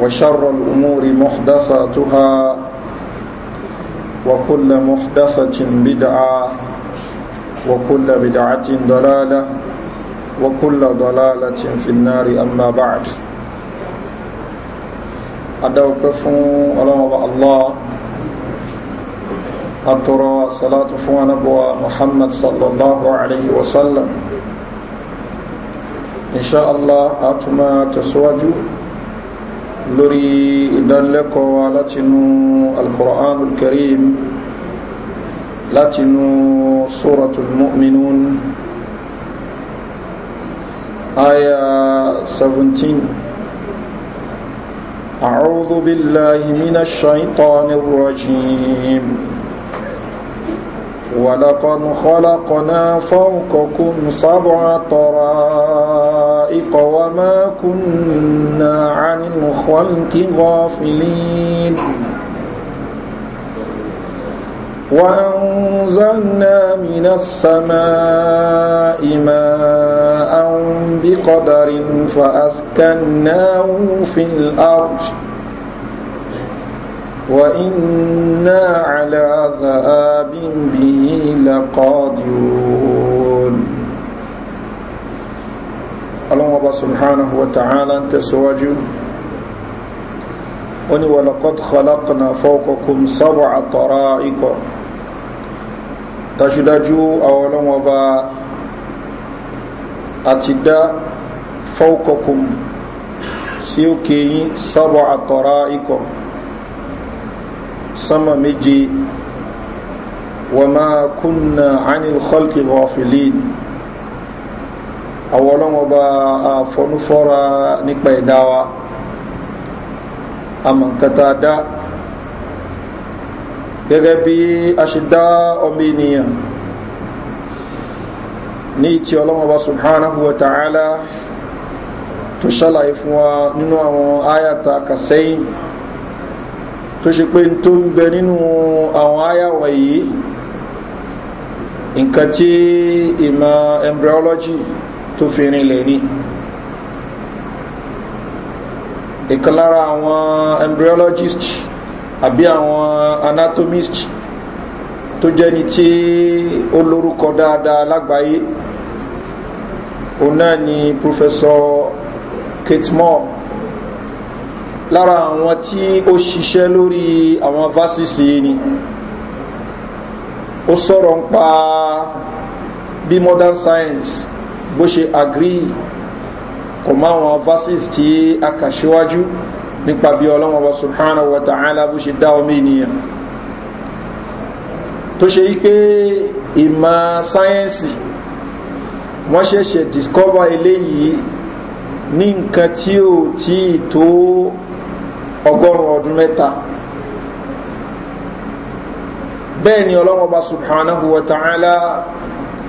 وشر الأمور محدثاتها وكل محدثة بدعة وكل بدعة ضلالة وكل ضلالة في النار أما بعد أدوكف الله الله أترى صلاة فوانبوى محمد صلى الله عليه وسلم إن شاء الله أتما تسواجه lórí ìdánilẹ́kọ̀ọ́ látinú alkùránul karim látinú sóratul mu'minun aya 17 أعوذ بالله من الشيطان الرجيم ولقد خلقنا فوقكم سبع طرائق الحدائق وما كنا عن الخلق غافلين وأنزلنا من السماء ماء بقدر فأسكناه في الأرض وإنا على ذهاب به لقادرون ọlọ́wọ́ba subhanahu wa ta'ala ń tẹ̀síwájú ó ní wàlọ́kọ́t kọlákanà fọ́kọ̀kùn sọ́bọ̀ àtọ́rá ikọ̀ dájúdájú àwọn ọlọ́wọ́ba àti dá fọ́kọ̀kùn sí òkè yín sọ́bọ̀ àtọ́rá ikọ̀ sánmà méje wàmá kúnnà ánìlkọ́lkì rọ̀fìlíìnì àwọn ọlọ́wọ́n bá àfọnúfọ́ra nípa ẹ̀dá wa amọ̀nkata dá gẹ́gẹ́ bí a ṣe dá ọmọ ènìyàn ní ìtì ọlọ́wọ́n subhanahu wa ta'ala tó ṣàlàyé fún wa nínú àwọn áyàta kàsẹ́yìn tó ṣe pé tó ń bẹ nínú àwọn áyàwọ̀ yìí nǹkan tí ìmọ̀ embryology tó fi rinlẹ̀ ni ìkan lára àwọn embryologist àbí àwọn anatomist tó jẹ́ni tí ó lórúkọ dáadáa lágbàáyé òun náà ni professor kate moore lára àwọn tí ó ṣiṣẹ́ lórí àwọn fásisì ni ó sọ̀rọ̀ ń pa bí modern science bó ṣe agree kò má wọn verses tí a kà síwájú nípa bí ọlọ́wọ́n wa subhanahu wa ta'ala bó ṣe dá omi ènìyàn tó ṣe yí pé ìmọ̀ sáyẹ́nsì wọ́n ṣẹ̀ṣẹ̀ discover eléyìí ní nǹkan tí ò tí ì tó ọgọ́rùn-ún ọdún mẹ́ta bẹ́ẹ̀ ni ọlọ́wọ́n wa subhanahu wa ta'ala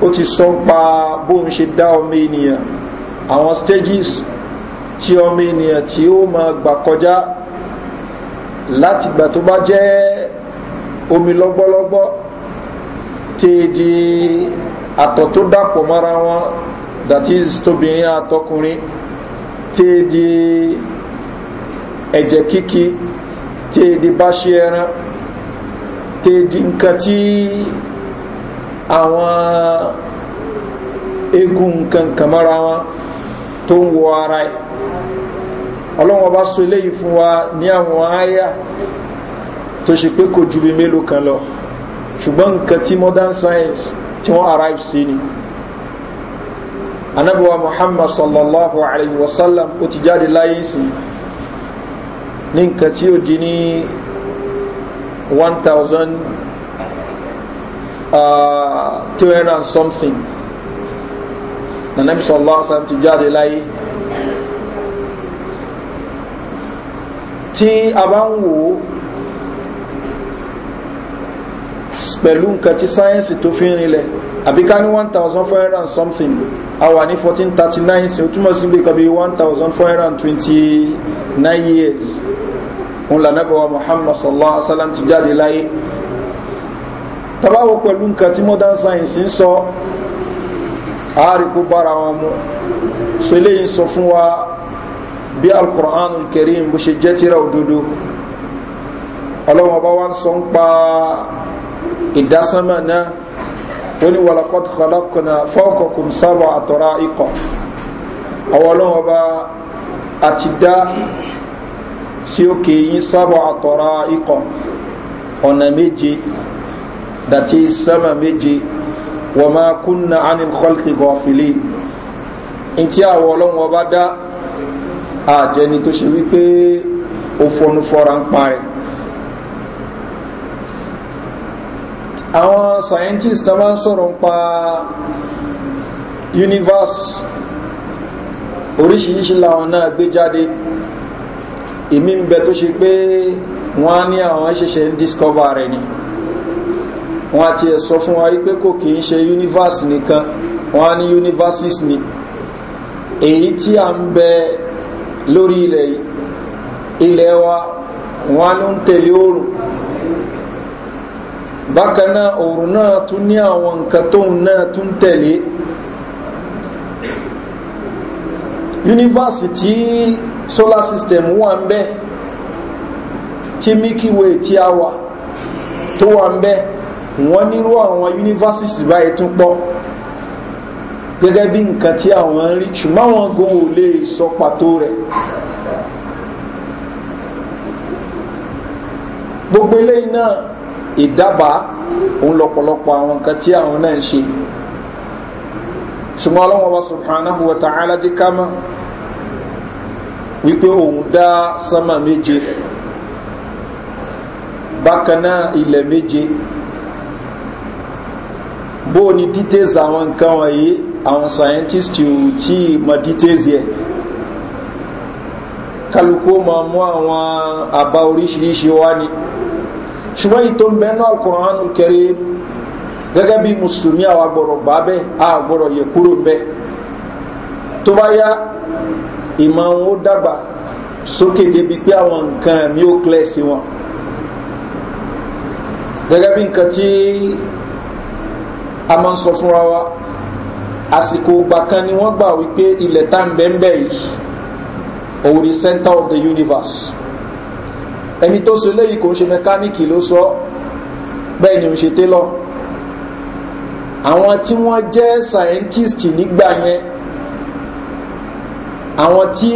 ó ti sọ pa bóun ṣe dá ọmọ ènìyàn àwọn stages tí ọmọ ènìyàn tí ó máa gbà kọjá láti gbà tó bá jẹ́ omi lọ́gbọ́lọ́gbọ́ tèèdì àtọ̀ tó dàpọ̀ mọ́ra wọn that is tóbìnrin àtọkùnrin tèèdì ẹ̀jẹ̀ kíkí tèèdì bá ṣe ẹran tèèdì nǹkan tí àwọn egun kankan mọ́ra wọn tó ń wọ ara ẹ̀ ọlọ́wọ́n bá so eléyìí fún wa ní àwọn àyà tó ṣe pé kò ju bí mélòó kan lọ ṣùgbọ́n nǹkan tí modern science tí wọ́n arrive sí ni anabiwa muhammad sallallahu alayhi wa sallam ó ti jáde láyé sí ní nǹkan tí ó di ní one thousand uh, two hundred and something na nabi sallallahu alaihi wasallam ti jáde láyé tí a bá ń wò ó pẹ̀lú nǹkan tí sáyẹ́nsì tó fi ń rinlẹ̀ àbí ká ní one thousand four hundred and something a wà ní fourteen thirty nine sí o túmọ̀ sí gbé kan bí one thousand four hundred and twenty nine years òun lànà bàbá muhammad sallallahu alaihi wasallam ti jáde láyé tabawo pẹ̀lú nǹkan tí modern science ń sọ àárikú bára wọn mú so eléyìí ń sọ fún wa bí alukur'an kẹrin bó ṣe jẹ́ tíra òdodo ọlọ́wọ́n ọba wa ń sọ ń pa ìdásánmà náà ó ní wàlàkọ́tù kọlọ́kùnà fọ́ọ̀kọ̀kùn sábà àtọ̀rà ikọ̀ ọwọ́ ọlọ́wọ́n ọba àti dá sí òkè yín sábà àtọ̀rà ikọ̀ ọ̀nà méje that is sama méje wọ́n máa kúnna anil kọ́lìkì gọ́fìlì ní tí àwọn ọlọ́run ọba dá àjẹni tó ṣe wípé ó fọnú fọ́ra ń pa rẹ̀ àwọn scientists tó máa ń sọ̀rọ̀ ń pa universe oríṣiríṣi làwọn náà gbé jáde èmi ń bẹ tó ṣe pé wọ́n á ní àwọn ṣẹ̀ṣẹ̀ ń discover rẹ̀ ni wọn àti ẹ̀ sọ fún wa pé kò kì ṣe universe nìkan wọn ní universes ni èyí tí à ń bẹ lórí ilẹ̀ yìí ilẹ̀ wa wọn á ló ń tẹ̀lé oòrùn bákan náà oòrùn náà tún ní àwọn nǹkan tóun náà tún tẹ̀lé universe tí solar system wà ń bẹ tí milky way tí a wà tó wà ń bẹ́ẹ̀ wọ́n nírú àwọn yunifásitì báyìí tún pọ̀ gẹ́gẹ́ bí nǹkan tí àwọn ń rí ṣùgbọ́n àwọn gan ò lè sọ pàtó rẹ̀ gbogbo eléyìí náà ìdábàá òun lọ̀pọ̀lọpọ̀ àwọn nǹkan tí àwọn náà ń ṣe ṣùgbọ́n ọlọ́wọ́n wa subhanahu wa ta'ala jẹ́ ká mọ́ wípé òun dá sánmà méje bákan náà ilẹ̀ méje bó ni details àwọn nǹkan wọ̀nyí àwọn scientist ò tí ì mọ details yẹ kálukú máa mú àwọn àbá oríṣiríṣi wá ni ṣùgbọ́n ètò ń bẹ́ẹ̀ náà kùránù kẹrẹ́ gẹ́gẹ́ bí mùsùlùmí àwa gbọ́dọ̀ gbà bẹ́ẹ̀ a gbọ́dọ̀ yẹ kúrò bẹ́ẹ̀ tó bá yá ìmọ̀ wọn ó dàgbà sókè débi pé àwọn nǹkan mi ò kílẹ̀ sí wọn gẹ́gẹ́ bí nǹkan tí a máa ń sọ fúnra wa àsìkò ìgbà kan ni wọ́n gbà wípé ilẹ̀ tá à ń bẹ́ẹ̀ bẹ́ẹ̀ yìí òun ni center of the universe ẹni tó so léyìí kò ń ṣe mẹkáníìkì ló sọ bẹ́ẹ̀ ni ò ń ṣe télọ̀ àwọn tí wọ́n jẹ́ scientist nígbà yẹn àwọn tí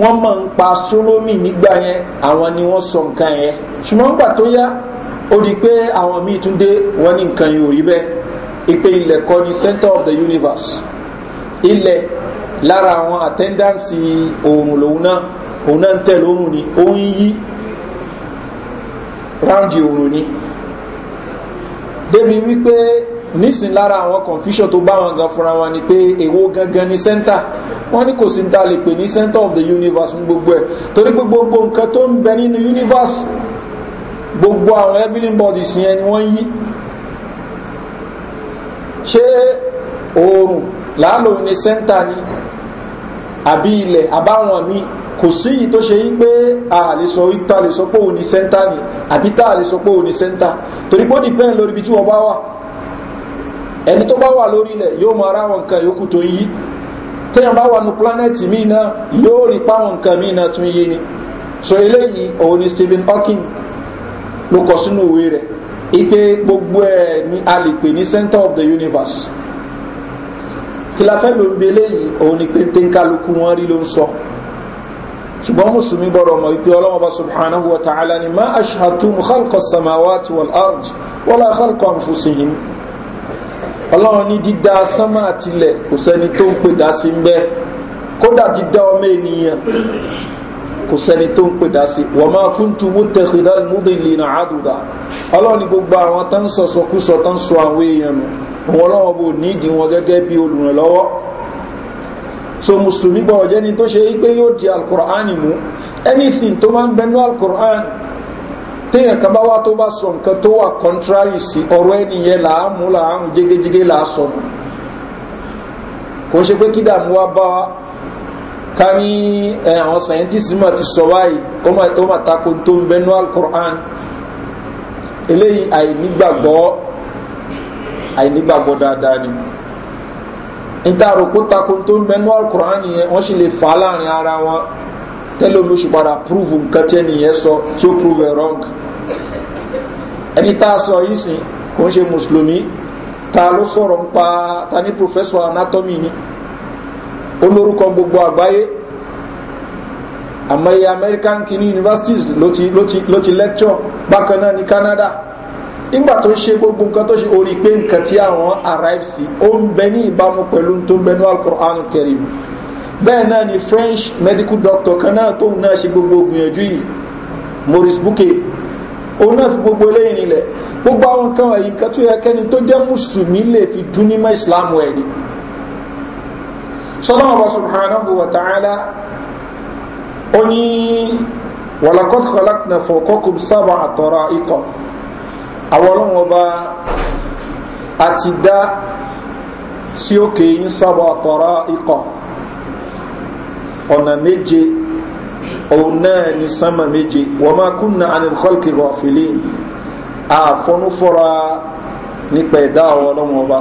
wọ́n mọ̀ ń pa astronomy nígbà yẹn àwọn ni wọ́n sọ nǹkan yẹn ṣùgbọ́n nígbà tó yá ó di pé àwọn míì tún dé wọ́n ní nǹkan yìí ò rí bẹ́ẹ̀ ìpè ilẹ̀ kọ́ ni center of the universe ilẹ̀ lára àwọn attendance òòrùn lòun náà òun náà ń tẹ̀ lóòrùn ni ó ń yí The òòrùn ni débi wípé nísìn lára àwọn confusion tó bá wọn gan fúnra wọn ni pé èwo gangan ni center wọn ní kò sí ní ta lè pè ní center of the universe ní gbogbo ẹ torí pé gbogbo nǹkan tó ń bẹ nínú universe gbogbo àwọn heavenly bodies yẹn ni wọ́n yí ṣé oòrùn láàlò ní sẹ́ńtà ni àbí ilẹ̀ àbáwọn mi kò sí yìí tó ṣe yí pé a lè sọ ìta lè sọ pé òun ní sẹ́ńtà ni àbí tá a lè sọ pé òun ní sẹ́ńtà torí pé ó di pẹ́ẹ́n lórí ibi tí wọ́n bá wà ẹni tó bá wà lórí ilẹ̀ yóò mọ ara àwọn nǹkan yòókù tó yí téèyàn bá wà ní planẹ́ẹ̀tì míì náà yóò rí páwọn nǹkan míì náà tún yí ni so eléyìí òun ni stephen hawking ló kọ sínú ìwé rẹ̀ ipe gbogbo ẹ ni a lè pè ní center of the universe kí la fẹ́ ló ń belé yìí òun ni pété kálukú wọn rí ló ń sọ ṣùgbọ́n mùsùlùmí bọ̀rọ̀ mọ̀ ipe ọlọ́wọ́n bá subhanahu wa ta'ala ni ma aṣhatu khalqa samawati wal ard wala khalqa anfusihim ọlọ́wọ́n ní dídá sánmà àtilẹ̀ kò sẹ́ni tó ń pè dá sí ń bẹ́ kódà dídá ọmọ ènìyàn kò sẹ́ni tó ń pè dá sí wọ́n máa kún tu mú tẹ̀kídá múdì lìnà àdùdà ọlọ́ọ̀ni gbogbo àwọn tó ń sọ̀sọ̀ kú sọ tó ń sọ àwọn èèyàn nù wọn lọ́wọ́ bò nídìí wọn gẹ́gẹ́ bí olùrànlọ́wọ́ so mùsùlùmí gbọ́ ọ̀jẹ́ ni tó ṣe é pé yóò di alukur'ani mú anything tó máa ń bẹnu alukur'an téèyàn kan bá wá tó bá sọ nǹkan tó wà contrary sí ọ̀rọ̀ ẹnìyẹn làámú làámú jégéjégé làásọ̀nù kò ń ṣe pé kí dààmú wá bá ká ní àwọn scientists mà ti sọ báyìí ó mà tako tó ń bẹnu alukur'an eléyìí àìnígbàgbọ́ àìnígbàgbọ́ dáadáa ni ntaaro kó tako tó ń bẹnu alukur'an yẹn wọ́n sì lè fà á láàrin ara wọn tẹ́lẹ̀ omi oṣù padà prove nǹkan tí ẹnìyẹn sọ tí ó prove it wrong ẹni tá a sọ yìí sìn kò ń ṣe mùsùlùmí ta ló sọ̀rọ̀ ń pa ta ní professor anatomy ni olórúkọ gbogbo àgbáyé àmọ́ iye american kini universities ló ti ló ti ló ti lecture bákan náà ní canada nígbà tó ṣe gbogbo nǹkan tó ṣe orí pé nǹkan tí àwọn arrive sí ó ń bẹ ní ìbámu pẹ̀lú tó ń bẹnu alukur'an kẹrìm bẹ́ẹ̀ náà ni french medical doctor kan náà tóun náà ṣe gbogbo gbìyànjú yìí maurice bouquet òun náà fi gbogbo eléyìí nílẹ̀ gbogbo àwọn kan wọ̀nyí nǹkan tó yẹ kẹ́ni tó jẹ́ mùsùlùmí lè fi dún nímọ̀ ìsìlámù ẹ̀ ni sọlọ́wọ́ subhanahu wa ta'ala ó ní walaqad khalaqna fawqakum sab'a tara'iq àwọn ọlọ́wọ́ bá a ti dá sí òkè yín sab'a tara'iq ọ̀nà méje òun náà ní sánmà méje wa ma kunna 'anil khalqi ghafilin àfọnúfọ́ra nípa ẹ̀dá àwọn bá.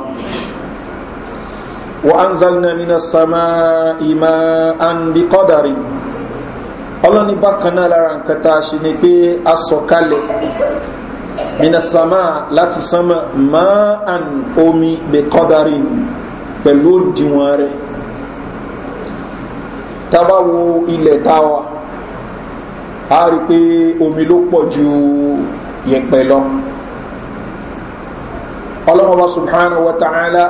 وأنزلنا من السماء ماء بقدر ọlọ́ni bákan náà lára nǹkan tá a ṣe ni pé a sọ̀kalẹ̀ minasama láti sánmà máàn omi bẹ́kọ́dárì pẹ̀lú òdiwọ̀n rẹ̀ tábàwo ilẹ̀ tá a wà a rí i pé omi ló pọ̀ ju yẹ̀pẹ̀ lọ ọlọ́mọba subhanahu wa ta'ala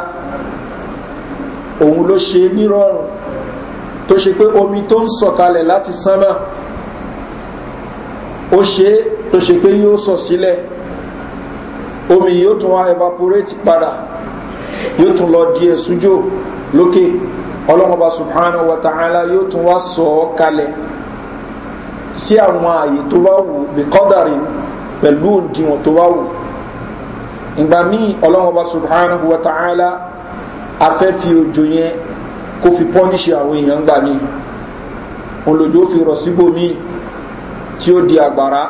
òun ló ṣe nírọ̀rùn tó ṣe pé omi tó ń sọ̀kalẹ̀ láti sánmà ó ṣe tó ṣe pé yóò sọ̀ sílẹ̀ omi yóò tún wá evaporate padà yóò tún lọ di ẹ̀sújò lókè ọlọ́mọba subhanahu wa ta'ala yóò tún wá sọ ọ́ kalẹ̀ sí àwọn ààyè tó bá wù bí pẹ̀lú òǹdíwọ̀n tó bá wù ìgbà míì ọlọ́mọba subhanahu wa ta'ala afẹ́ fi òjò yẹn kó fi pọ́níṣe àwọn èèyàn gbà ní olójó fi rọ̀ síbòmí tí ó di àgbàrá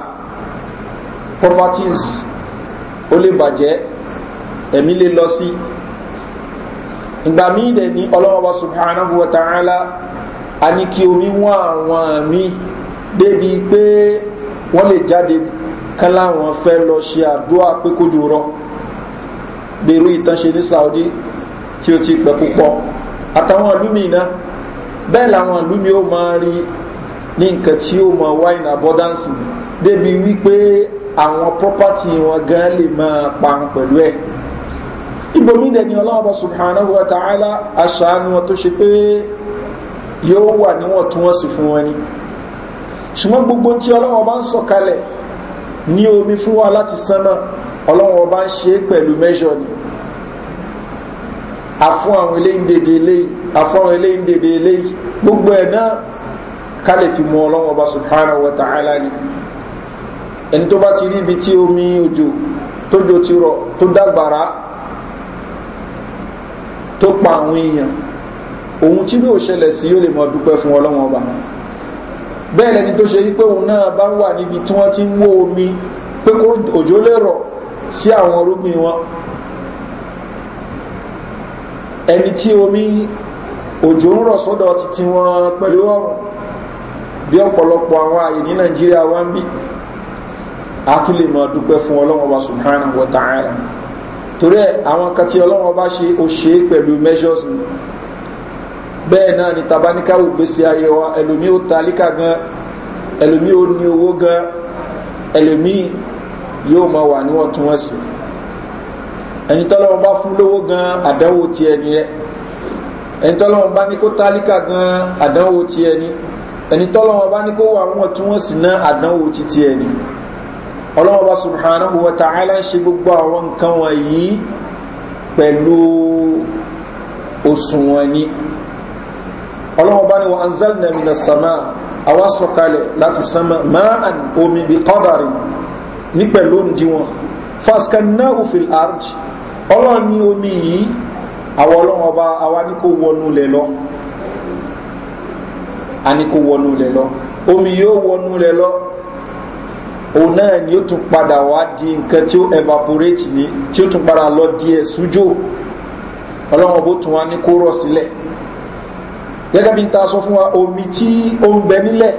properties ó lè bàjẹ́ ẹ̀mí lè lọ sí ìgbà míì dẹ̀ ní ọlọ́wọ́ba subhanahu wa ta'ala a ní kí omi wọ́n àwọn mi débi pé wọ́n lè jáde kán láwọn fẹ́ lọ ṣe àdúrà pé kójú rọ gbèrú ìtànṣe ní saudi tí ó ti pẹ́ púpọ̀ àtàwọn ìlúmi iná bẹ́ẹ̀ làwọn ìlúmi ó máa rí ní nǹkan tí ó máa wá in abundance ni débi wípé àwọn property wọn gan lè máa parun pẹ̀lú ẹ̀ ibomi dẹ̀ ni ọlọ́wọ́ bá subhanahu wa ta'ala aṣáánu wọn tó ṣe pé yóò wà níwọ̀ntúnwọ̀nsì fún wọn ni ṣùgbọ́n gbogbo tí ọlọ́wọ́ bá ń sọ̀kalẹ̀ ní omi fún wa láti sánmà ọlọ́wọ́ bá ń ṣe pẹ̀lú mẹ́ṣọ̀ ni afún àwọn eléyìí dèdè eléyìí afún àwọn eléyìí dèdè eléyìí gbogbo ẹ̀ náà ká lè fi mọ ọlọ́wọ́ bá subhanahu wa ta'ala ni ẹni tó bá ti rí ibi tí omi òjò tójò ti rọ tó dàgbàrá tó pa àwọn èèyàn òun tí yóò ṣẹlẹ̀ sí yóò lè mọ dúpẹ́ fún ọlọ́wọ́n ọba bẹ́ẹ̀ lẹni tó ṣe wípé òun náà bá wà níbi tí wọ́n ti ń wó omi pé kó òjò lè rọ̀ sí àwọn orúgbìn wọn ẹni tí omi òjò ń rọ̀ sọ́dọ̀ ti ti wọn pẹ̀lú ọ̀rùn bí ọ̀pọ̀lọpọ̀ àwọn àyè ní nàìjíríà wá ń bí a tún lè mọ̀ dúpẹ́ fún ọlọ́wọ́n wa subhanahu wa ta'ala torí ẹ̀ àwọn kan tí ọlọ́wọ́n bá ṣe ó ṣe é pẹ̀lú measures ni bẹ́ẹ̀ náà ni tabaníkàwò gbèsè ayé wa ẹlòmí ó talíkà gan ẹlòmí ó ní owó gan ẹlòmí yóò máa wà níwọ̀ntúnwọ̀nsì ẹni tọ́lọ́wọ́n bá fún lówó gan àdánwò ti ẹni yẹ ẹni tọ́lọ́wọ́n bá ní kó tálíkà gan àdánwò ti ẹni ẹni tọ́lọ́wọ́n bá ní kó wà wọ́n tí wọ́n sì ná àdánwò ti ti ẹni ọlọ́wọ́n bá subhanahu wa ta'ala ń ṣe gbogbo àwọn nǹkan wọ̀nyí pẹ̀lú òṣùwọ̀n ni ọlọ́wọ́n bá ní wọ́n anzal nàmínà sàmà àwọn sọ̀kalẹ̀ láti sánmà máa omi bí kọ́dàrí ní pẹ̀lú òǹdíwọ̀n faskanna ufil arj ọlọ́run ní omi yìí àwọn ọlọ́run ọba àwa ní kó wọnú lẹ̀ lọ a ní kó wọnú lẹ̀ lọ omi yóò wọnú lẹ̀ lọ òun náà ni ó tún padà wá di nǹkan tí ó evaporate ni tí ó tún padà lọ di ẹ̀sùjò ọlọ́run ọba ó tún wá ní kó rọ̀ sílẹ̀ gẹ́gẹ́ bí n ta sọ fún wa omi tí ó ń bẹ nílẹ̀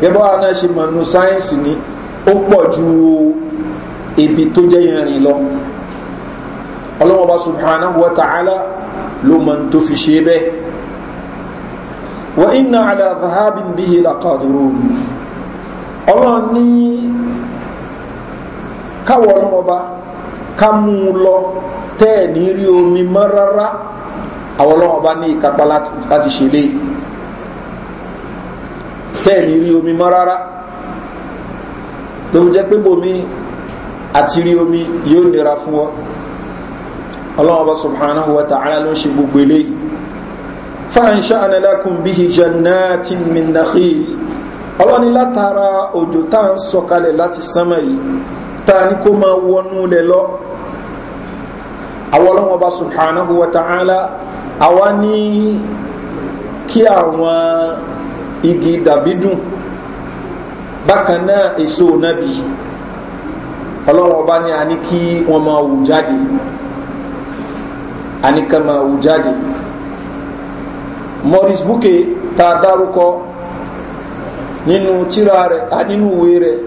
gẹ́gẹ́ bá náà ṣe mọ̀ nù sáyẹ́nsì ni ó pọ̀ ju ibi tó jẹ́ yẹn rìn lọ ọlọ́wọ́n bá subhanahu wa ta'ala ló mọ̀ tó fi ṣe bẹ́ẹ̀ wa inna ala zahabin bihi laqadirun ọlọ́run ní káwọ ọlọ́wọ́n bá ká mú un lọ tẹ́ ẹ̀ ní rí omi mọ́ rárá àwọn ọlọ́wọ́n bá ní ìkápá láti ṣe lé tẹ́ ẹ̀ ní rí omi mọ́ rárá ló jẹ́ pé bòmí omi yóò nira fún ọ ọlọ́wọ́ba subhanahu wa ta'ala ló ń ṣe gbogbo eléyìí fáànṣá analakun bíi jannatin min nakhil ọlọ́ni látara òjò tá à ń sọkalẹ̀ láti sánmà yìí tá a ní kó máa wọnú lẹ lọ àwọn ọlọ́wọ́ba subhanahu wa ta'ala àwa ní kí àwọn igi dàbí dùn bákan náà èso nàbì ọlọ́wọ́ba ni a ní kí wọ́n máa wù jáde àníkàn máa wù jáde maurice bouquet tá a dárúkọ nínú tíra rẹ̀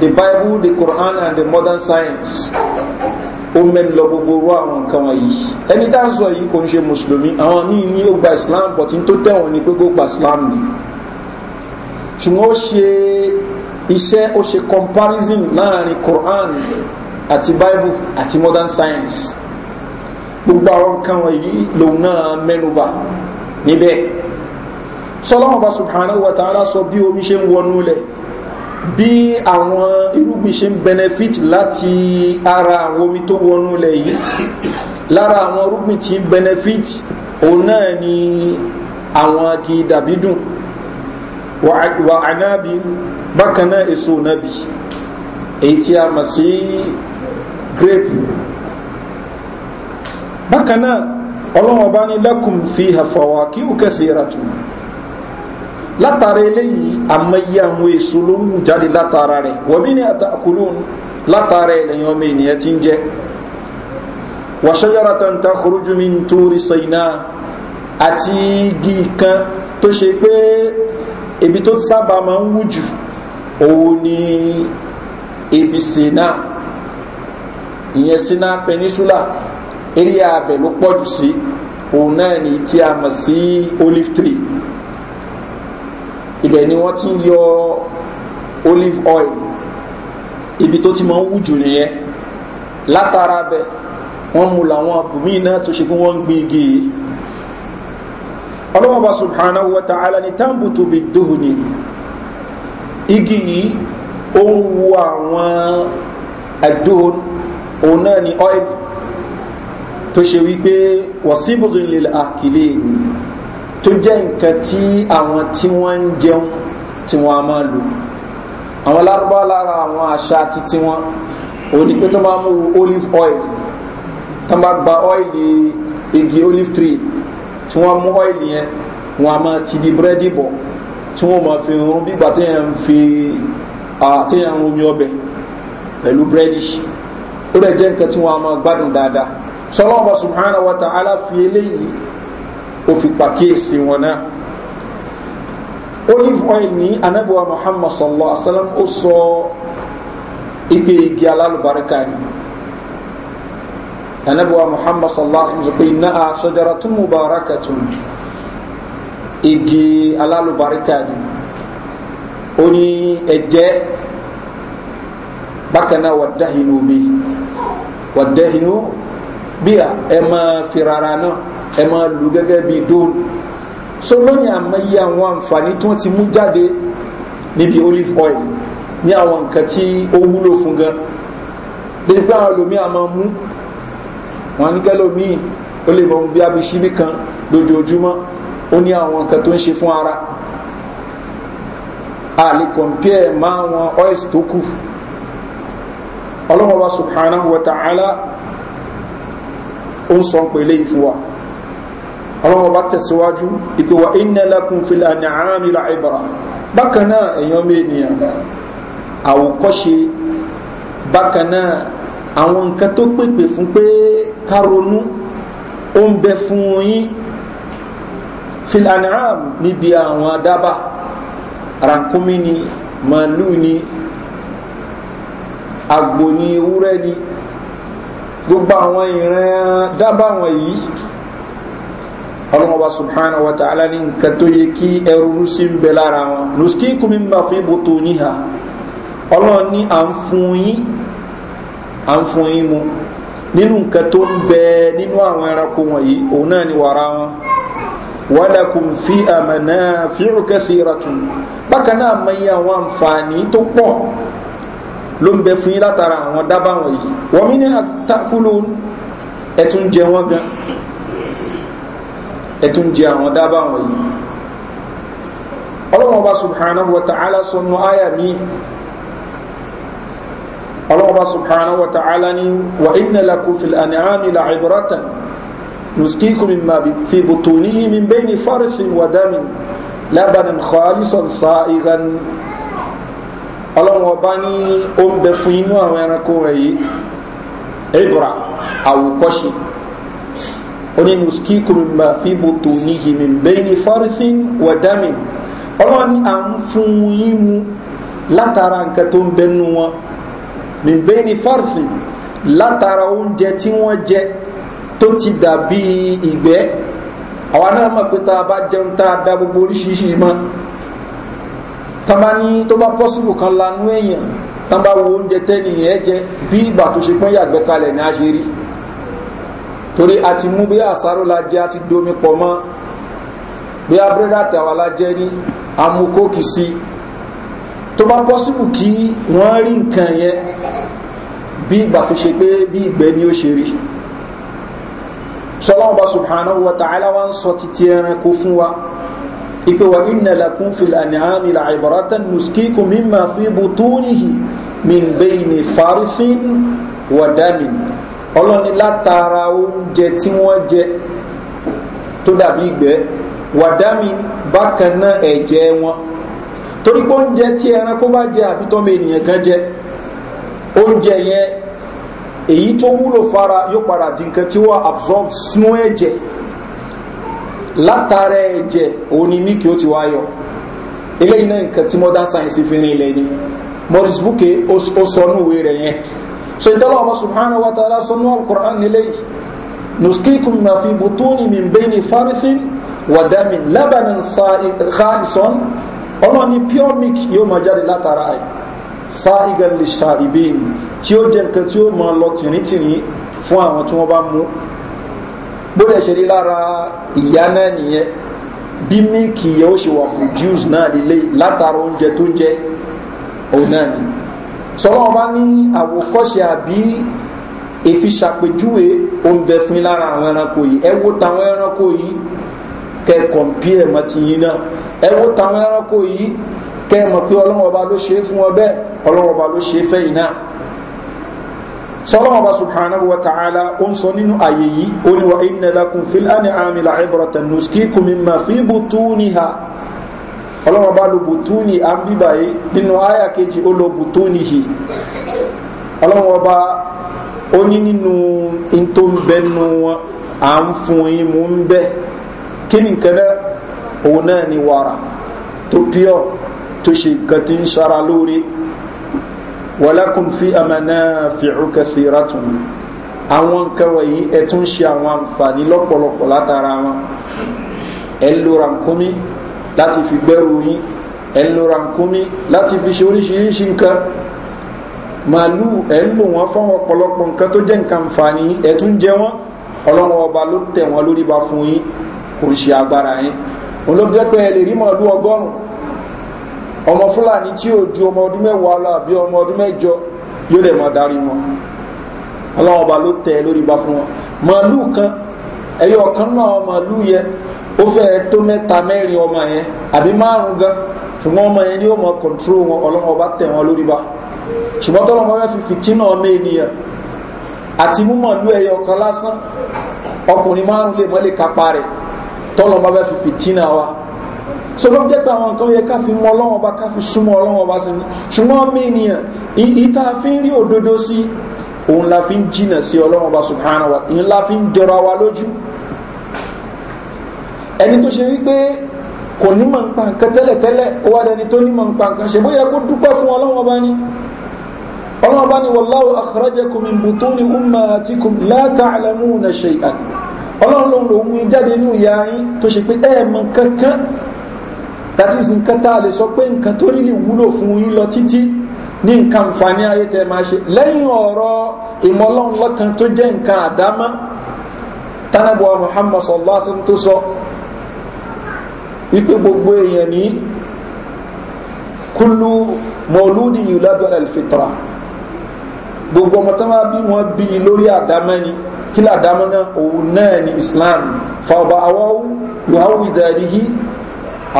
the bible the quran and the modern science ó mẹ́nu lọ gbogbo orú àwọn nǹkan wọ̀nyí ẹni tá à sọ yìí kò ń ṣe mùsùlùmí àwọn míì ní ó gba islam but n tó tẹ̀wọ̀n ni pé kó gba islam ni ṣùgbọ́n ó ṣe iṣẹ́ ó ṣe comparison láàrin quran àti bible àti modern science gbogbo àwọn nǹkan wọ̀nyí lòun náà mẹ́nuba níbẹ̀ sọlọ́wọ́n bá subhanahu wa ta'ala sọ bí omi ṣe ń wọnú lẹ̀ bí àwọn irúgbìn ṣe ń benefit láti ara àwọn omi tó wọnú lẹ̀ yìí lára àwọn irúgbìn tí benefit òun náà ni àwọn kì í dàbí dùn wà ánábì bákan náà èso nàbì èyí tí a mọ̀ sí grape bákan náà ọlọ́wọ́n bá ní lẹ́kùn fi hàfọ̀wà kí ó kẹsì ra tù látara eléyìí àmọye àwọn èso ló ń jáde látara rẹ̀ wọ́bí ní àtàkùlù látara ẹlẹ́yìn ọmọ ènìyàn ti ń jẹ́ wàṣẹ́yọ́ra tàǹtà kúrújúmi ń torí sẹ́yìnà àti igi kan tó ṣe pé ebi tó sábà máa ń wújù òun ni ebi sẹ́yìnà ìyẹn sinna peninsula area abẹ ló pọ̀jù sí òun náà ní tí a mọ̀ sí olive tree ibẹ̀ ni wọ́n ti ń yọ olive oil ibi tó ti máa ń wù jù nìyẹn látara bẹ wọ́n mú làwọn àbùmí náà tó ṣe pé wọ́n ń gbin igi yìí ọlọ́mọba subhanahu wa ta'ala ni tambutu bi duhuni igi yìí ó ń wu àwọn àdúhùn òun náà ni oil tó ṣe wípé wọ̀síbùrìnlẹ̀ àkìlẹ̀ tó jẹ́ nǹkan tí àwọn tí wọ́n ń jẹun tí wọ́n a máa lò àwọn lárúbá lára àwọn àṣà àti tí wọ́n òun ni pé tó máa mú olive oil tó máa gba ọ́ìlì igi olive tree tí wọ́n mú ọ́ìlì yẹn wọ́n a máa ti di búrẹ́dì bọ̀ tí wọ́n máa fi rún bí gbà téèyàn ń fi téèyàn ń romi ọbẹ̀ pẹ̀lú búrẹ́dì ṣe ó dẹ̀ jẹ́ nǹkan tí wọ́n á máa gbádùn dáadáa sọlọ́ọ̀bà subhana wa ta'ala fi eléyìí ó fi pàkíyèsí wọn náà olive oil ní anábíwá muhammad sallallahu alaihi wa sallam ó sọ ipe igi alálùbáríkà ni anabuwa muhammad sallallahu alaihi wasallam pe na a shajaratun mubarakatun igi alalubarika ni ó ní ẹjẹ bákan náà wà dáhìnú bíi wàdẹ́hìnú bí ẹ máa fi rárá náà ẹ máa lù gẹ́gẹ́ bí dóun so lónìí àmọ́yé àwọn àǹfààní tí wọ́n ti mú jáde níbi olive oil ní àwọn nǹkan tí ó wúlò fún gan débi pé àwọn olómi àmọ́ mú wọn ní kẹ́lómi ó lè mọ bí abisíbí kan lójoojúmọ́ ó ní wọn oils tó ọlọ́wọ́ wa subhanahu wa ta'ala ó ń sọ pé ilé ìfúwa ọlọ́wọ́ bá tẹ̀síwájú ìpè wa ìnẹ́lẹ́kùn fìlà ní àmì ìbára bákan náà èèyàn mẹ́nìyàn àwòkọ́ṣe bákan náà àwọn nǹkan tó pèpè fún pé káronú ó ń bẹ fún yín fìlà ní àmì níbi àwọn adábà rankumi ni màálù ni àgbò ni ewúrẹ́ ni gbogbo àwọn ìran dábàá wọn yìí ọlọ́mọba subhana wa ta'ala ní nǹkan tó yẹ kí ẹrú sí ń bẹ lára wọn nuskikum mimma fi butuniha ọlọ́run ní à ń fún yín à ń fún yín mu nínú nǹkan tó ń bẹ nínú àwọn ẹranko wọ̀nyí òun náà ni wàrà wọn walakum fi amanafi'u kathiratun bákan náà mọ iye àwọn àǹfààní tó pọ̀ ló ń bẹ fún yín látara àwọn dábà wọ̀nyí wọ́n mi ní àtàkùlù ẹ̀tún jẹ wọ́n gan ẹ̀tún jẹ àwọn dábà wọ̀nyí ọlọ́wọ́n bá subhanahu wa ta'ala sọnù àyà mi ọlọ́wọ́n bá subhanahu wa ta'ala ni wà inna lakum fil an'ami la ibratan nuskikum mimma fi butunihi min bayni farsin wa damin labanan khalisan sa'igan ọlọ́run ọba ní ó ń bẹ fún inú àwọn ẹranko wọ̀nyí ibra àwòkọ́ṣe oni nuskikun ma fi butu nihi min bẹni farisin wa damin ọlọ́run ni à ń fún yín látara nǹkan tó ń bẹnu wọn min bẹni farisin látara oúnjẹ tí wọ́n jẹ tó ti dàbí ìgbẹ́ àwa náà mọ̀ pé tá a bá jẹun tá a da gbogbo oríṣiríṣi mọ́ tàbá ní tó bá pọ́sùlù kan lanú èèyàn tàbá wo oúnjẹ tẹ́ni ẹ̀ jẹ bí ìgbà tó ṣe pọ́n yàgbẹ́ kalẹ̀ ní àṣírí torí a ti mú bí àsáró la jẹ a ti domi pọ̀ mọ́ bí abúrẹ́dà tàwa la jẹ ní amukókì sí tó bá pọ́sùlù kí wọ́n rí nǹkan yẹn bí ìgbà tó ṣe pé bí ìgbẹ́ ni ó ṣe rí sọlọ́wọ́n bá subhanahu wa ta'ala wa ń sọ titi ẹranko fún wa ipe wa inna lakum fil an'ami la'ibratan nuskikum mimma fi butunihi min bayni farisin wa damin ọlọ́ni látara oúnjẹ tí wọ́n jẹ tó dàbí ìgbẹ́ wa damin bákan náà ẹ̀jẹ̀ wọn torí pé oúnjẹ tí ẹranko bá jẹ àbí tọ́mọ ènìyàn kan jẹ oúnjẹ yẹn èyí tó wúlò fara yóò padà di nǹkan tí wọ́n absorb sínú ẹ̀jẹ̀ látara ẹ̀jẹ̀ òun ni mílìkì ó ti wá yọ eléyìí náà nǹkan tí modern science fi rin ilẹ̀ ni morris buke ó sọ ní òwe rẹ̀ yẹn so ìtọ́lọ́ ọba subhanahu wa ta'ala sọ ní alukur'an nílé yìí nuskikum ma fi butuni min bẹ́ni farithin wa damin labanin khalison ọlọ́run ni pure milk yóò máa jáde látara ẹ̀ sa'igan lè ṣàrìbí tí ó jẹ nǹkan tí ó máa lọ tìrìntìrìn fún àwọn tí wọ́n bá mú bóde ṣe rí lára ìyá náà nìyẹn bí míìkì yẹ ó ṣe wà produce náà lílé látara oúnjẹ tó ń jẹ òun náà ni sọlọ́wọ́n bá ní àwòkọ́ṣe àbí ìfiṣàpèjúwe oúnjẹ fún lára àwọn ẹranko yìí ẹ wo táwọn ẹranko yìí kẹ kọ̀m̀pí ẹ̀ mọ́ ti yín náà ẹ wo táwọn ẹranko yìí kẹ mọ̀ pé ọlọ́wọ́n ló ṣe é fún ọ bẹ́ẹ̀ ọlọ́wọ́n ló ṣe é fẹ́yìn náà sọlọ́wọ́n bá subhanahu wa ta'ala ó ń sọ nínú àyè yìí ó ní wa inna lakum fil ani amila ibrata nuskiku mimma fi butuniha ọlọ́wọ́n bá lo butuni à ń bíbà yìí nínú àyà kejì ó lo butunihi ọlọ́wọ́n bá ó ní nínú ntòǹbẹ́nu à ń fún yín mú ń bẹ́ kí ni nǹkan òun náà ni wàrà tó pure tó ṣe nǹkan tí ń ṣara lóore walakum fi manafi'u kathiratun àwọn nǹkan wọ̀nyí ẹ tún ṣe àwọn àǹfààní lọ́pọ̀lọpọ̀ látara wọn ẹ ń lo rànkúmí láti fi gbẹ́rù yín ẹ ń lo rànkúmí láti fi ṣe oríṣiríṣi nǹkan màálù ẹ ń lò wọ́n fáwọn ọ̀pọ̀lọpọ̀ tó jẹ́ nǹkan àǹfààní ẹ tún jẹ wọ́n ọlọ́run ló tẹ̀ wọ́n lórí ba fún yín kò ń ṣe agbára yín òun ló jẹ́ pé ọmọ fúlàní tí ò ju ọmọ ọdún mẹ́wàá lọ àbí ọmọ ọdún mẹ́jọ yóò dẹ̀ mọ darí wọn ọlọ́wọ́n ọba ló tẹ lórí bá fún wọn màálù kan ẹ̀yọ ọ̀kan náà màálù yẹ ó fẹ́ tó mẹ́ta mẹ́rin ọmọ yẹn àbí márùn gan ṣùgbọ́n ọmọ yẹn ni ó mọ kọ̀ntró wọn ọlọ́mọ ọba tẹ̀ wọn lórí bá ṣùgbọ́n tọ́lọ́mọ fẹ́ fi fìtínà ọmọ ènìyàn àti múmọ̀lú ẹ̀yọ ọ̀kan lásán ọkùnrin márùn lè mọ́ kápá rẹ̀ tọ́lọ́mọ fẹ́ fi fìtínà wa so ló jẹ́ pé àwọn nǹkan yẹ ká fi mọ ọlọ́wọ́n ọba ká fi súnmọ́ ọlọ́wọ́n ọba sí ni ṣùgbọ́n mí ènìyàn ìta fi ń rí òdodo sí òun la fi ń jìnà sí ọlọ́wọ́n ọba subhanahu wa ìyẹn la fi ń jọra wa lójú ẹni tó ṣe wípé kò ní mọ̀ nǹkan kan tẹ́lẹ̀tẹ́lẹ̀ ó wá dẹni tó ní mọ̀ nǹkan kan ṣe bóyá kó dúpẹ́ fún ọlọ́wọ́n ọba ni ọlọ́wọ́n ọba ni wàláwù àkàràjẹkùn mi bùtún ni umma àtikùn látàlámù ní ìyá yín tó ṣe pé ẹ̀ẹ̀mọ̀ kankan that is nǹkan tá a lè sọ pé nǹkan tó rílì wúlò fún yín lọ títí ní nǹkan nfààní ayé tẹ máa ṣe lẹ́yìn ọ̀rọ̀ ìmọ̀lọ́nlọ́kan tó jẹ́ nǹkan àdámọ́ tánàbọ̀ muhammad sallallahu alaihi wasallam tó sọ wípé gbogbo èèyàn ní kúlú mọ̀lúdì yìládọ̀ alfitra gbogbo ọmọ tó máa bí wọn bí lórí àdámọ́ ni kí làdámọ́ náà òun náà ni islam fàbà àwọn yòówù ìdàdíhì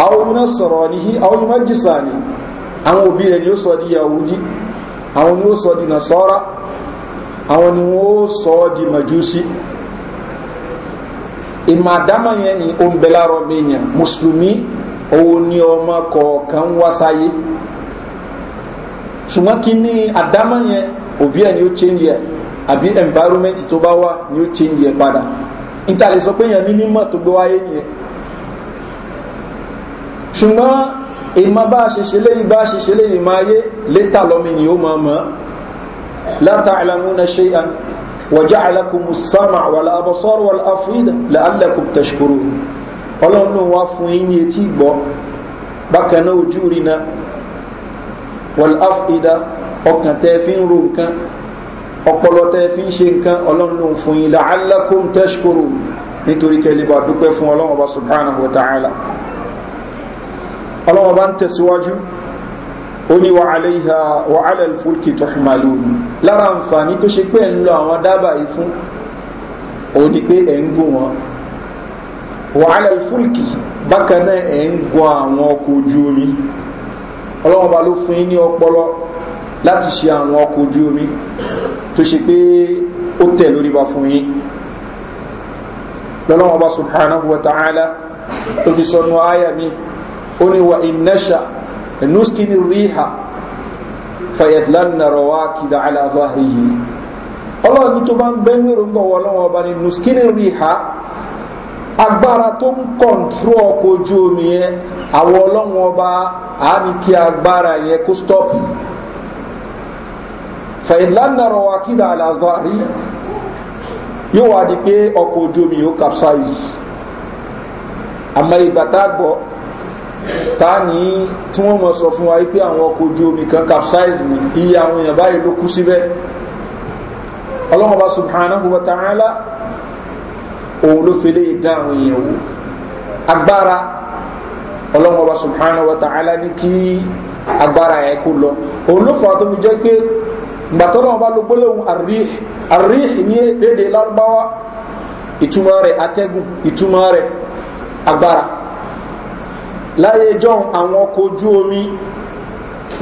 àwọn yìí náà sọ̀rọ̀ níhí àwọn yìí má jìsà ni àwọn òbí rẹ̀ ni ó sọ di yahudi àwọn ni ó sọ di nasọ́ra àwọn ni ó sọ di majusi ìmọ̀ àdámà yẹn ni ó ń bẹ láàrọ̀ mi yẹn mùsùlùmí òun ni ọmọ kọ̀ọ̀kan wá sáyé kí ní àdámà yẹn òbí ẹ̀ ni ó change yẹn àbí environment tó bá wà ni ó change yẹn padà níta lè sọ pé yẹn ní mímọ̀ tó gbé wáyé nìyẹn ṣùgbọ́n ìmọ̀ bá ṣeṣe léyìí bá ṣeṣe léyìí máa yé létà lọ́mí ni ó máa mọ́ látà àlàmúnà ṣe àn wọ̀já alákùnmù sáàmà wà lábọ̀sọ́rọ̀ wà láfíìdà láàlẹ́kùn tẹ̀ṣkúrú ọlọ́run wá fún yín ní etí ìgbọ́ bákan náà ojú rí na wà láfíìdà ọkàn tẹ́ fi ń ro nǹkan ọpọlọ tẹ́ fi ń ṣe nǹkan ọlọ́run fún yín láàlẹ́kùn tẹ̀ṣkúrú nítorí kẹ́lẹ́bà dúpẹ́ fún ọlọ́run ọba subhanahu wa ta'ala. ala ọlọ́wọ́ bá ń tẹ̀síwájú ó ní wàhálà wàhálà fúlkì tọ́hìmàlú lára àǹfààní tó ṣe pé ẹ̀ ń lo àwọn dábàá yìí fún òun ni pé ẹ̀ ń gùn wọn wàhálà fúlkì bákan náà ẹ̀ ń gun àwọn ọkọ̀ ojú omi ọlọ́wọ́ bá ló fún yín ní ọpọlọ láti ṣe àwọn ọkọ̀ ojú omi tó ṣe pé ó tẹ̀ lórí bá fún yín lọ́lọ́wọ́ bá subhanahu wa ta'ala tó fi sọnù áyà mi ó ní wa ìnẹ́ṣà nuskini riha fayetlanna rawakida ala zahrihi ọlọ́run ní tó bá ń bẹ́ẹ̀ lórí gbọ̀wọ́ ọlọ́wọ́ ọba ní nuskini riha agbára tó ń kọ̀ntró ọkọ̀ ojú omi yẹn àwọn ọlọ́run ọba á ní kí agbára yẹn kó stọ́pù rawakida ala zahrihi yóò wá di pé ọkọ̀ ojú omi yóò capsize àmọ́ ìgbà ta ní tí wọ́n mọ̀ sọ fún wa wípé àwọn ọkọ̀ ojú omi kan capsize ni iye àwọn èèyàn báyìí ló kú síbẹ̀ ọlọ́mọba subhanahu wa ta'ala òun ló fi lè dá àwọn èèyàn wò agbára ọlọ́mọba subhanahu wa ta'ala ni kí agbára yẹn kú lọ òun ló fà tó fi jẹ́ pé gbàtọ́lọ́wọ́n bá ló gbólóhùn àríh àríh ní èdè lárúbáwá ìtumọ̀ rẹ̀ atẹ́gùn ìtumọ̀ rẹ̀ agbára láyé john àwọn ọkọ̀ ojú omi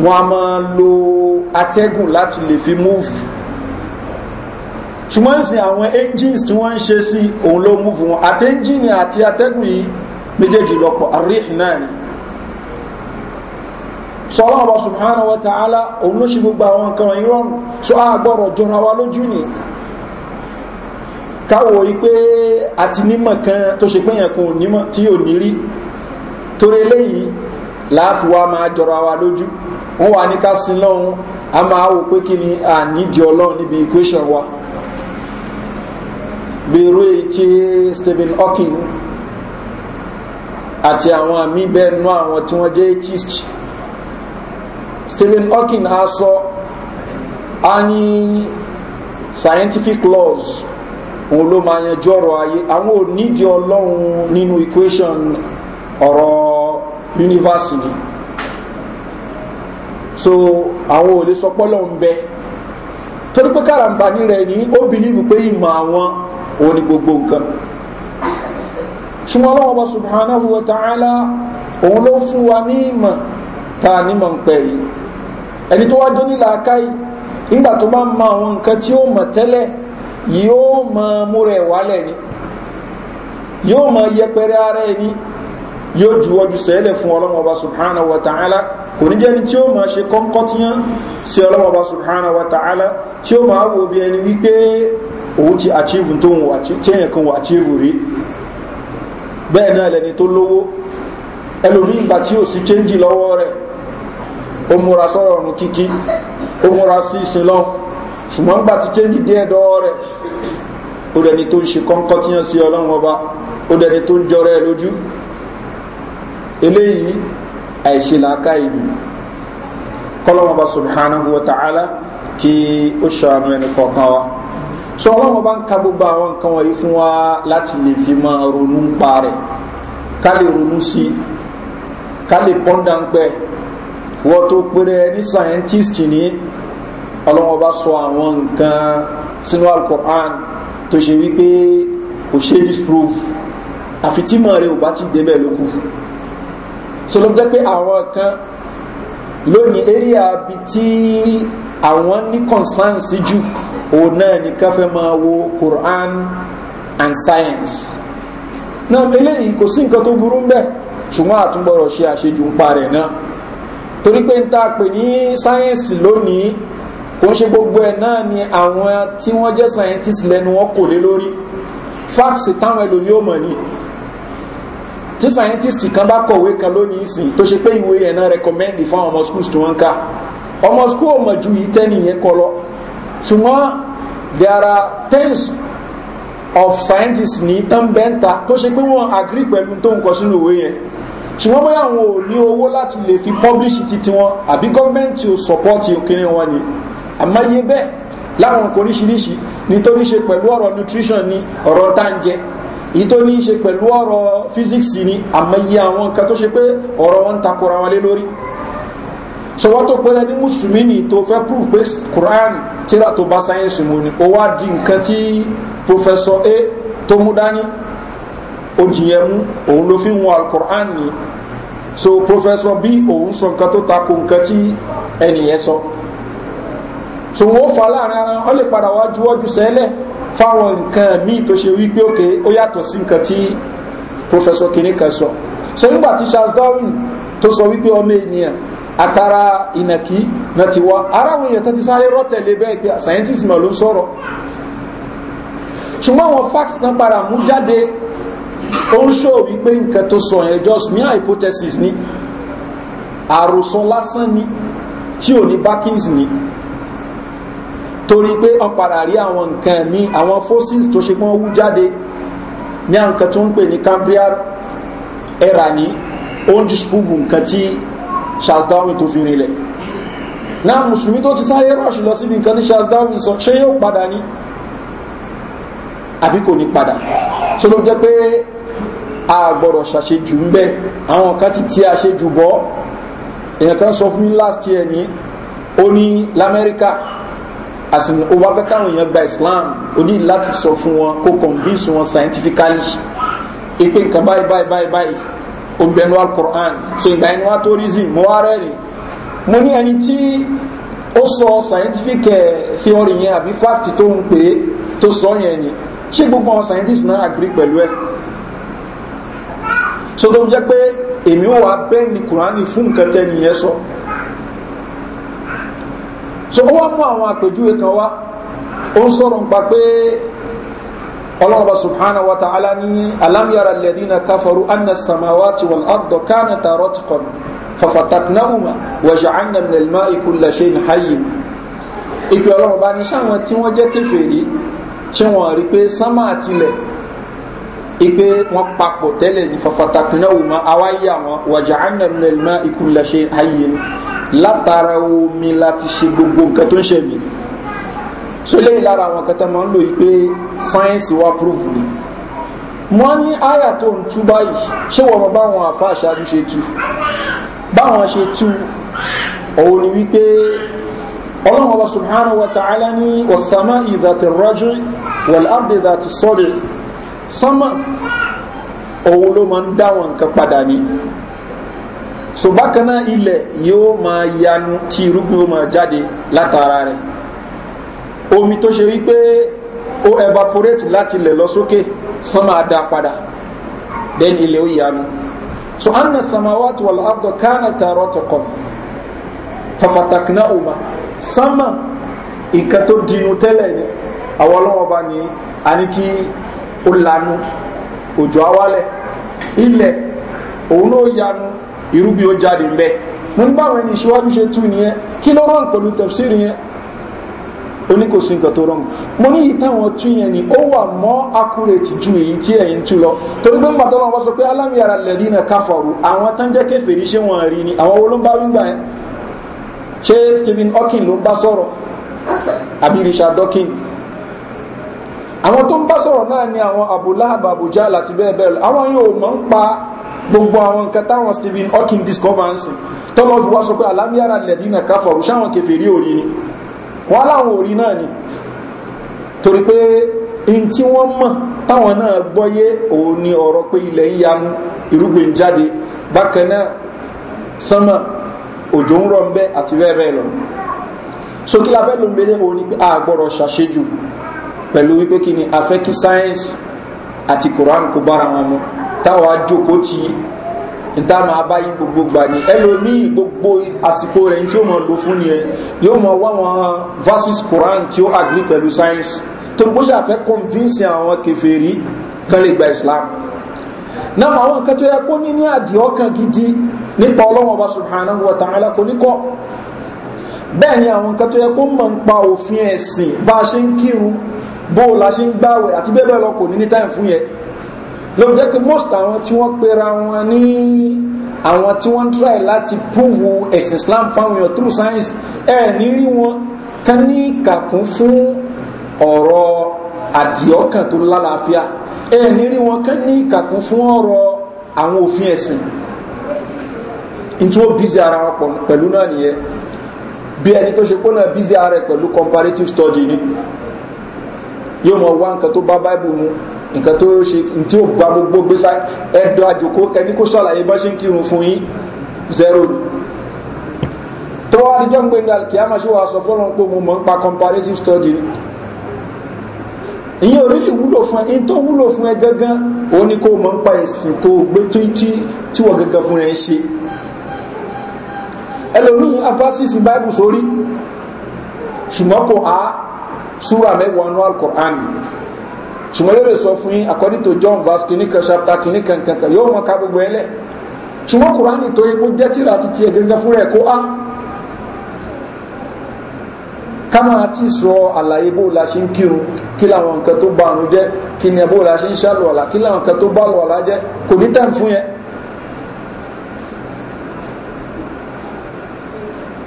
wọn a máa lo atẹ́gùn láti lè fi múùfù ṣùgbọ́n ìsìn àwọn engines tí wọ́n ń ṣe sí òun ló múùfù wọn àti engine àti atẹ́gùn yìí méjèèjì lọ́pọ̀ àríhìn náà ni sọlá ọba subhanahu wa ta'ala òun ló ṣe gbogbo àwọn nǹkan wọ̀nyí rọrùn so a gbọ́dọ̀ jọra wa lójú ni káwọ̀ yìí pé àti nímọ̀ kan tó ṣe pé yẹn kò nímọ̀ tí yóò ní rí torí eléyìí láàfin wa máa jọra wa lójú wọn wà ní ká sin lọ́hún a máa wò pé kí ni à nídìí ọlọ́run níbi equation wa bí irú stephen hawking àti àwọn àmì bẹ́ẹ̀ nú àwọn tí wọ́n jẹ́ atheist stephen hawking a sọ a ní scientific laws òun ló máa yanjú ọ̀rọ̀ ayé àwọn ò nídìí ọlọ́run nínú equation ọ̀rọ̀ yúnífásì ni so àwọn ò lè sọ pọ́lọ̀ ń bẹ torí pé káràǹbání rẹ̀ ní ó bìlíìfù pé ìmọ̀ àwọn òun ni gbogbo nǹkan ṣùgbọ́n ọlọ́wọ́ bá subhanahu wa ta'ala òun ló fún wa ní ìmọ̀ tá a nímọ̀ ń pẹ̀ yìí ẹni tó wájú nílà akáyì nígbà tó bá mọ àwọn nǹkan tí ó mọ̀ tẹ́lẹ̀ yóò mọ múrẹ̀ wálẹ̀ ni yóò mọ yẹpẹrẹ ara ẹni yóò juwọ́jú sẹ́lẹ̀ fún ọlọ́mọba subhanahu wa ta'ala kò ní jẹ́ni tí ó máa ṣe kọ́ńkọ́tíyàn sí ọlọ́mọba subhanahu wa ta'ala tí ó máa wo bí ẹni wípé òun ti achieve tó ń wà tíyẹn kan wà achieve rí bẹ́ẹ̀ náà lẹni tó lówó ẹlòmí ìgbà tí ò sí change lọ́wọ́ rẹ̀ ó múra sọ́rọ̀ ọ̀run kíkí ó múra sí ìsìn lọ́n ṣùgbọ́n gbà tí change díẹ̀ dọ́wọ́ rẹ̀ ó dẹni tó ń ṣe kọ́ńkọ́tíyàn sí ọlọ́mọba ó dẹni tó ń jọrẹ́ lójú eléyìí àìṣelàáká ìlú kọlọ́mọba subhanahu wa ta'ala kí ó ṣàánú ẹni kọ̀ọ̀kan wa so ọlọ́mọba ń ka gbogbo àwọn nǹkan wọ̀nyí fún wa láti lè fi máa ronú ń pa rẹ̀ ká lè ronú sí i ká lè pọ́ndà ń pẹ́ wọ́n tó péré ní scientist ní ọlọ́mọba sọ àwọn nǹkan sínú alukur'an tó ṣe wípé kò ṣe disprove àfi tí mọ̀ rẹ̀ ò bá ti débẹ̀ lókùn fún un so ló jẹ́ pé àwọn kan lónìí area bi tí àwọn ní consansi jù òun náà ní ká máa wo quran and science náà eléyìí kò sí nǹkan tó burú ń bẹ̀ ṣùgbọ́n àtúngbọ̀rọ̀ ṣe àṣejù ń parẹ̀ náà torí pé ń tá a pè ní sáyẹ́ǹsì lónìí kò ń ṣe gbogbo ẹ̀ náà ni àwọn tí wọ́n jẹ́ scientist lẹ́nu wọn kò lé lórí facts táwọn ẹlòmíì ò ni tí scientist kan bá kọ̀wé kan lónìí sìn tó ṣe pé ìwé yẹn náà recommend fún àwọn ọmọ schools tí wọ́n ń ka ọmọ school ọmọ ju yìí tẹ́ nìyẹn kọ lọ ṣùgbọ́n there are tens of scientists ní tán bẹ́ńta tó ṣe pé wọ́n agree pẹ̀lú tó ń kọ sínú ìwé yẹn ṣùgbọ́n bóyá àwọn ò ní owó láti lè fi publish titi tiwọn àbí gọ́ọ̀mẹ́ntì ò support òkèrè wọn ni àmáyé bẹ́ẹ̀ láwọn kò oríṣiríṣi nítorí ṣe pẹ̀lú ọ̀rọ̀ nutrition ni ọ̀rọ̀ tá èyí tó ní í ṣe pẹ̀lú ọ̀rọ̀ físíksì ni àmọ́yé àwọn nǹkan tó ṣe pé ọ̀rọ̀ wọn ń takora wọn lé lórí sọwọ́ tó pẹ́lẹ́ ní mùsùlùmí ni tó fẹ́ prove pé quran tíra tó bá sáyẹ́nsì mu ni ó wá di nǹkan tí professor a tó mú dání ó jìyẹn mú òun ló fi ń wọ alukur'an ni so professor b òun sọ nǹkan tó takò nǹkan tí ẹnìyẹn sọ so wọ́n fà láàrin ara wọn lè padà wá juwọ́jú sẹ́lẹ̀ fáwọn nǹkan míì tó ṣe wípé òkè ó yàtọ̀ sí nǹkan tí professor kìnní kan sọ so nígbà tí charles darwin tó sọ wípé ọmọ ènìyàn àtàrà ìnàkí náà ti wá aráwọ̀ èèyàn tán ti sáré rọ́tẹ̀lé bẹ́ẹ̀ pé scientist náà ló ń sọ̀rọ̀ ṣùgbọ́n àwọn facts náà padà mú jáde ó ń ṣó wípé nǹkan tó sọ yẹn just mere hypothesis ni àròsọ lásán ni tí ò ní backings ni torí pé ọ̀padà rí àwọn nǹkan mi àwọn fossils tó ṣe pọ́n wú jáde ní àwọn nǹkan tó ń pè ní cambrian era ní ondishpuvu nǹkan tí charles darwin tó fi rinlẹ̀ náà mùsùlùmí tó ti sáré rush lọ síbi nǹkan tí charles darwin sọ ṣé yóò padà ní àbí kò ní padà tó ló jẹ́ pé a gbọ́dọ̀ ṣàṣejù ń bẹ́ àwọn kan ti tí a ṣe jù bọ́ èèyàn kan sọ fún mi last year ní ó ní lamẹ́ríkà àsìkò o wá fẹ́ káwọn èèyàn gba islam ó ní láti sọ fún wọn kó convince wọn scientifically ìpè nǹkan báyìí báyìí báyìí báyìí ó gbẹnu alukur'an so ìgbà yẹn ni wọ́n á tó reason mo wá rẹ́ rìn mo ní ẹni tí ó sọ scientific eh, theory yẹn àbí fact tó ń pè é tó sọ yẹn ni ṣé gbogbo àwọn scientists náà agree pẹ̀lú ẹ̀ so tó ń jẹ́ pé èmi ò wá bẹ́ẹ̀ ni kùránì fún nǹkan tẹ́ni sọ. So so ó wá fún àwọn àpèjúwe kan wá ó ń sọ̀rọ̀ ń pa pé ọlọ́ọ̀bá subhana wa ta'ala ní alámiyàrá lẹ́dínà káfàrú anna samawa ti wọ́n àdọ̀ kánà tààrọ̀ ti kọ̀ fàfàtàkùnáhùmá wàjà ànà mẹ́lẹ́má ìkúlẹ̀ ṣe ń hayè ìpè ọlọ́ọ̀bá ní sáwọn tí wọ́n jẹ́ kéfèèrè ṣé wọ́n rí pé sánmà àtilẹ̀ ipe wọn papọ̀ tẹ́lẹ̀ ní fàfàtàkùnáhùmá àwáyé àwọn wàjà ànà mẹ́lẹ́má ìkúlẹ̀ ṣe hayè ni látara omi láti ṣe gbogbo nǹkan tó ń ṣe mí so léyìn lára àwọn kẹta máa ń lò yìí pé sáyẹ́nsì wa proof ni wọ́n ní àyà tó ń tú báyìí ṣé wọ́n mọ báwọn àfa àṣáájú ṣe tú báwọn ṣe tú òun ni wípé ọlọ́run ọba subhanahu wa ta'ala ní ọ̀sánmá ìdàtẹ̀ rọ́jú wàlábẹ̀ ìdàtẹ̀ sọ́dẹ̀ sánmà òun ló máa ń dáwọn nǹkan padà ni so bákan náà ilẹ̀ yóò máa yanu tí irúgbìn ó máa jáde látara rẹ̀ omi tó ṣe wípé ó evaporate láti ilẹ̀ lọ sókè sán máa dá padà then ilẹ̀ ó yanu so anna samawati wal abdo kana taro tokon fafatakna uma sama nǹkan tó dinu tẹ́lẹ̀ ni àwọn ọlọ́wọ́ bá ní àníkí ó lanu òjò awálẹ̀ ilẹ̀ òun ló yanu irúgbìn ó jáde ń bẹ́ mo ní báwọn ẹni ìṣíwájú ṣe tú nìyẹn kí ló rán pẹ̀lú tẹ̀síìrì yẹn ó nǹkan tó rọrùn mo ní yìí táwọn tú yẹn ni ó wà mọ́ akúrètì ju èyí tí ẹ̀yìn tú lọ torí pé nígbà tó lọ́wọ́ sọ pé alámìyàrá lẹ́dí náà káfọ̀rù àwọn tó ń ṣé wọ́n rí ni àwọn wo ló ń bá wíńgbà yẹn ṣé stephen hawking ló ń bá sọ̀rọ̀ àbí richard dawkins àwọn tó ń bá sọ̀rọ̀ náà ni àwọn abúláhàbà àbújá àti bẹ́ẹ̀ bẹ́ẹ̀ lọ àwọn yóò mọ̀ ń pa gbogbo àwọn nǹkan táwọn stephen hawking discover ń sìn tọ́lọ́ fi wá sọ pé alámiyára lẹ́dínà káfọ̀rù sáwọn kẹfẹ́rí òrí ni wọ́n láwọn òrí náà ni torí pé in tí wọ́n mọ̀ táwọn náà gbọ́yé òun ni ọ̀rọ̀ pé ilẹ̀ ń yanu irúgbìn jáde bákan náà sánmà òjò ń rọ̀ ń bẹ́ àti bẹ́ẹ̀ lọ sókí la fẹ́ ló òun ni pé a gbọ́dọ̀ ṣàṣejù pẹ̀lú wípé kí ni a sáyẹ́nsì àti koran kó bára wọn mọ́ táwọn ajókòó ti níta máa bá yín gbogbo gbà ní ẹlòmíì gbogbo àsìkò rẹ̀ tí ó mọ̀ lò fún ni ẹ yóò mọ̀ wá versus quran tí ó agree pẹ̀lú science torí bó ṣàfẹ́ convince àwọn kẹfẹ́rí kan lè gba islam náà àwọn nǹkan tó yẹ kó ní ní àdìọ́kàn gidi nípa ọlọ́wọ́n ọba subhanahu wa ta'ala kò ní kọ́ bẹ́ẹ̀ ni àwọn nǹkan tó yẹ kó mọ̀ ń pa òfin ẹ̀sìn bá a ṣe ń kírun bó o la ṣe ń gbáwẹ̀ àti bẹ́ẹ̀ bẹ́ẹ̀ lọ kò ní ní time fún yẹn ló jẹ́ pé most àwọn tí wọ́n pera wọn ní àwọn tí wọ́n try láti prove ẹ̀sìn islam fáwọn èèyàn through science ẹ̀ ní rí wọn kán ní kàkún fún ọ̀rọ̀ àdìọ́kàn tó lálàáfíà ẹ̀ ní rí wọn kán ní kàkún fún ọ̀rọ̀ àwọn òfin ẹ̀sìn tí bízi ara wọn pẹ̀lú náà nìyẹn bí ẹni tó ṣe pé náà bízi ara rẹ̀ pẹ̀lú comparative study ni yóò mọ̀ wá nǹkan tó bá bible mu nǹkan tó ṣe tí ó gba gbogbo gbèsè ẹ̀dọ́ àjòkó ẹni kó sàlàyé bá ṣe ń kírun fún yín zero ni tó wá ní jọ́ǹgbé ní alkiyama ṣe wà sọ fọ́nà pé mo mọ̀ ń pa comparative study ni ìyẹn orílẹ̀ wúlò fún ẹ tó wúlò fún ẹ gangan ó ní kó mọ̀ ń pa ẹ̀sìn tó gbé tí wọ́n gangan fún ẹ ń ṣe ẹlòmíì afásísì báìbù sórí ṣùgbọ́n kò á súra mẹ́wàá nú alkùránì ṣùgbọ́n yóò lè sọ fún yín according to john verse kìíní kan chapter kìíní kan kankan yóò mọ ká gbogbo ẹ lẹ ṣùgbọ́n kùránì tó yẹ kó jẹ́ tìrà àti tiẹ̀ gẹ́gẹ́ fúnra ẹ̀ kó á ká máa ti sọ àlàyé bó la ṣe ń kírun kí làwọn nǹkan tó bá àrùn jẹ́ kí ni bó la ṣe ń ṣàlù ọ̀la kí làwọn nǹkan tó bá lù ọ̀la jẹ́ kò ní tàn fún yẹn.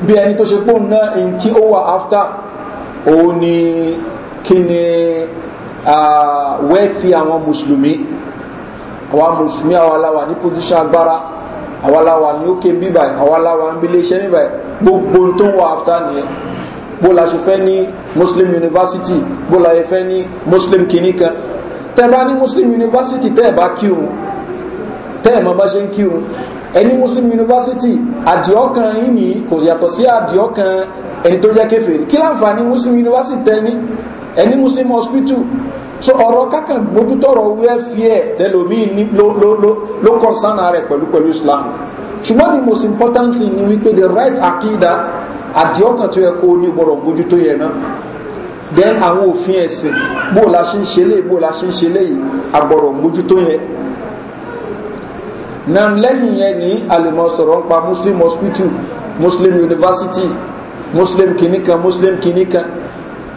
bí ẹni tó ṣe pòun náà ẹni tí ó wà áfítà òun ni kí ni Ah, wẹ́ẹ̀fì àwọn mùsùlùmí àwọn mùsùlùmí àwọn aláwà ní pòsíṣàn agbára àwọn aláwà ní òkè ń bíbà àwọn aláwà ń bílé iṣẹ́ níbà gbogbo tó wà áfítà nìyẹn bó la ṣe fẹ́ ní muslim university bó la ṣe fẹ́ ní muslim kìíní kan tẹ́ bá ní muslim university tẹ́ ẹ̀ bá kírun tẹ́ ẹ̀ mọ́ bá ṣe ń kírun ẹni muslim university àdìọ́kan yìí ni kò yàtọ̀ sí àdìọ́kan ẹni tó jẹ́ kéfèé kí láǹfààní muslim university tẹ́ ní ẹni muslim hospital so ọ̀rọ̀ kankan mójútọ́rọ̀ wẹ́fíẹ̀ lẹ́lòmíì ló kọ̀nsánà rẹ̀ pẹ̀lú pẹ̀lú islam ṣùgbọ́n the most important thing ni wípé the right akida àdìọ́kàn tó yẹ kó o ní gbọ́dọ̀ mójútó yẹ náà then àwọn òfin ẹ̀sìn bó o la ṣe ń ṣe léyìí bó o la ṣe ń ṣe léyìí àgbọ̀rọ̀ mójútó yẹ náà lẹ́yìn yẹn ní àlèmọ̀ sọ̀rọ̀ nípa muslim hospital muslim university muslim kìnìkan muslim kìnìkan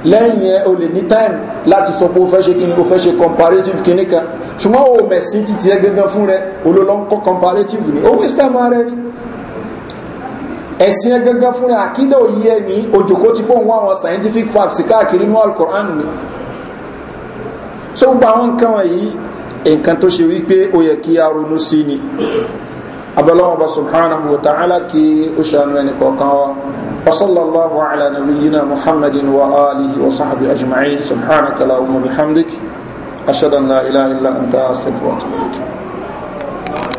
lẹ́yìn ẹ o lè ní time láti sọ pé o fẹ́ ṣe kíni o fẹ́ ṣe comparative kíní kan ṣùgbọ́n o mẹ̀sìn ti tiẹ̀ gangan fún rẹ olólọ́ ń kọ́ comparative ni o waste time ara ẹni ẹ̀sìn ẹ gangan fún rẹ àkídà òyì ẹ ní òjòkó ti pòun wá àwọn scientific facts káàkiri inú alukoran ni so gba àwọn nǹkan wọ̀nyí nǹkan tó ṣe wípé o yẹ kí a ronú sí ni abẹ́lẹ́wọ̀n ọba subhanahu wa ta'ala kí o ṣàánú ẹnì kọ̀ọ̀kan wa. وصلى الله على نبينا محمد وآله وصحبه أجمعين سبحانك اللهم وبحمدك أشهد أن لا إله إلا أنت أستغفرك وأتوب إليك